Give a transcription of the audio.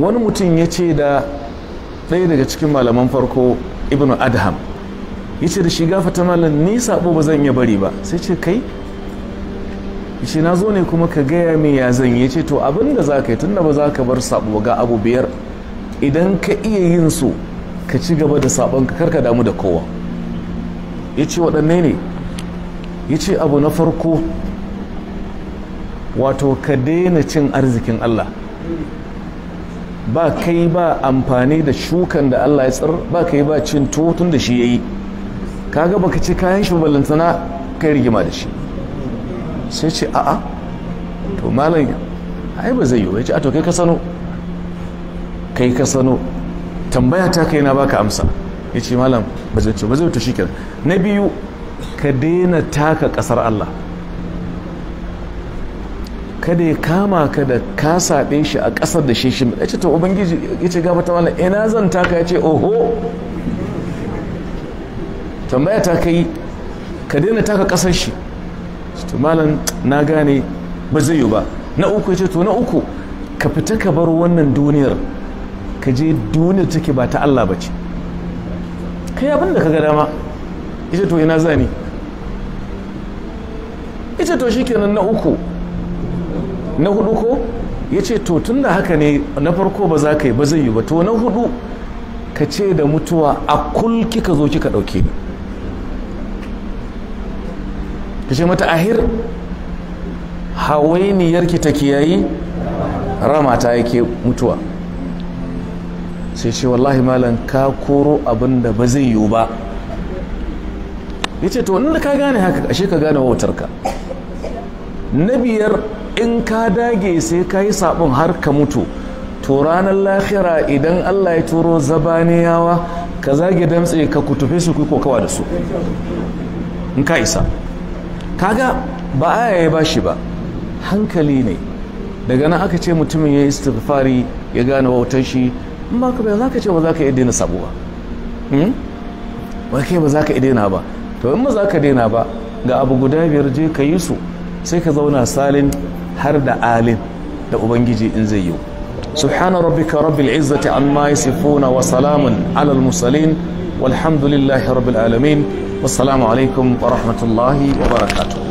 wani mutum ya ce da ɗaya daga cikin malaman farko ibn adham ya ce da shiga fata malam ni sabo ba zan iya bari ba sai ce kai shi na zo ne kuma ka gaya min ya zan ya ce to abin da za ka yi tunda ba za ka bar sabo ga abu biyar idan ka iya yin su ka ci gaba da sabon ka karka damu da kowa ya ce waɗanne ne ya ce abu na farko wato ka daina cin arzikin allah ba kai ba amfani da shukan da Allah ya tsar ba kai ba cin totun da shi ya yi kaga baka ce kayan shi ballantana kai rigima da shi sai ce a'a to malam ai ba zai yi ya ce a to kai ka sano kai ka sano tambaya ta kai na baka amsa ya ce malam ba zai ce ba zai to shi na biyu ka daina taka kasar Allah kada ya kama ka da ka saɗe shi a ƙasar da shi shi ya ce to ubangiji ya ce gaba ta malam ina zan taka ya ce oho tambaya ta kai ka daina taka ƙasar shi su malam na gane ba zai yi ba na uku ya ce to na uku ka fita ka bar wannan duniyar ka je duniyar take ba ta Allah ba ce ka yi abin da ka ga dama ita to ina zani ita to shi kenan na uku na hudu ko ya ce to tun da haka ne na farko ba za ka yi ba zai yi ba to na hudu ka ce da mutuwa a kul kika zo kika ɗauke ni ka ce mata ahir hawainiyarki ta kiyayi rama ta yake mutuwa sai ce wallahi malam ka koro abin da ba zai yiwu ba ya ce to inda ka gane haka ashe ka gane wautarka na biyar in ka dage sai ka yi sabon har ka mutu to ranar lahira idan allah ya turo zabaniyawa ka zage damtse ka kutufe su ku kokawa da su in ka isa kaga ba aya ya bashi ba hankali ne daga nan aka ce mutumin ya yi istighfari ya gane wautar shi in ba ka bai za ka ce ba za ka yi daina sabuwa ba wai hmm? ba za ka yi daina ba to in ba za ka daina ba ga abu guda biyar je ka yi su sai ka zauna salin har da alin da ubangiji in zai yi subhana rabbika rabbil izzati amma yasifuna wa salamun alal musalin walhamdulillahi rabbil alamin wassalamu alaikum wa rahmatullahi wa barakatuh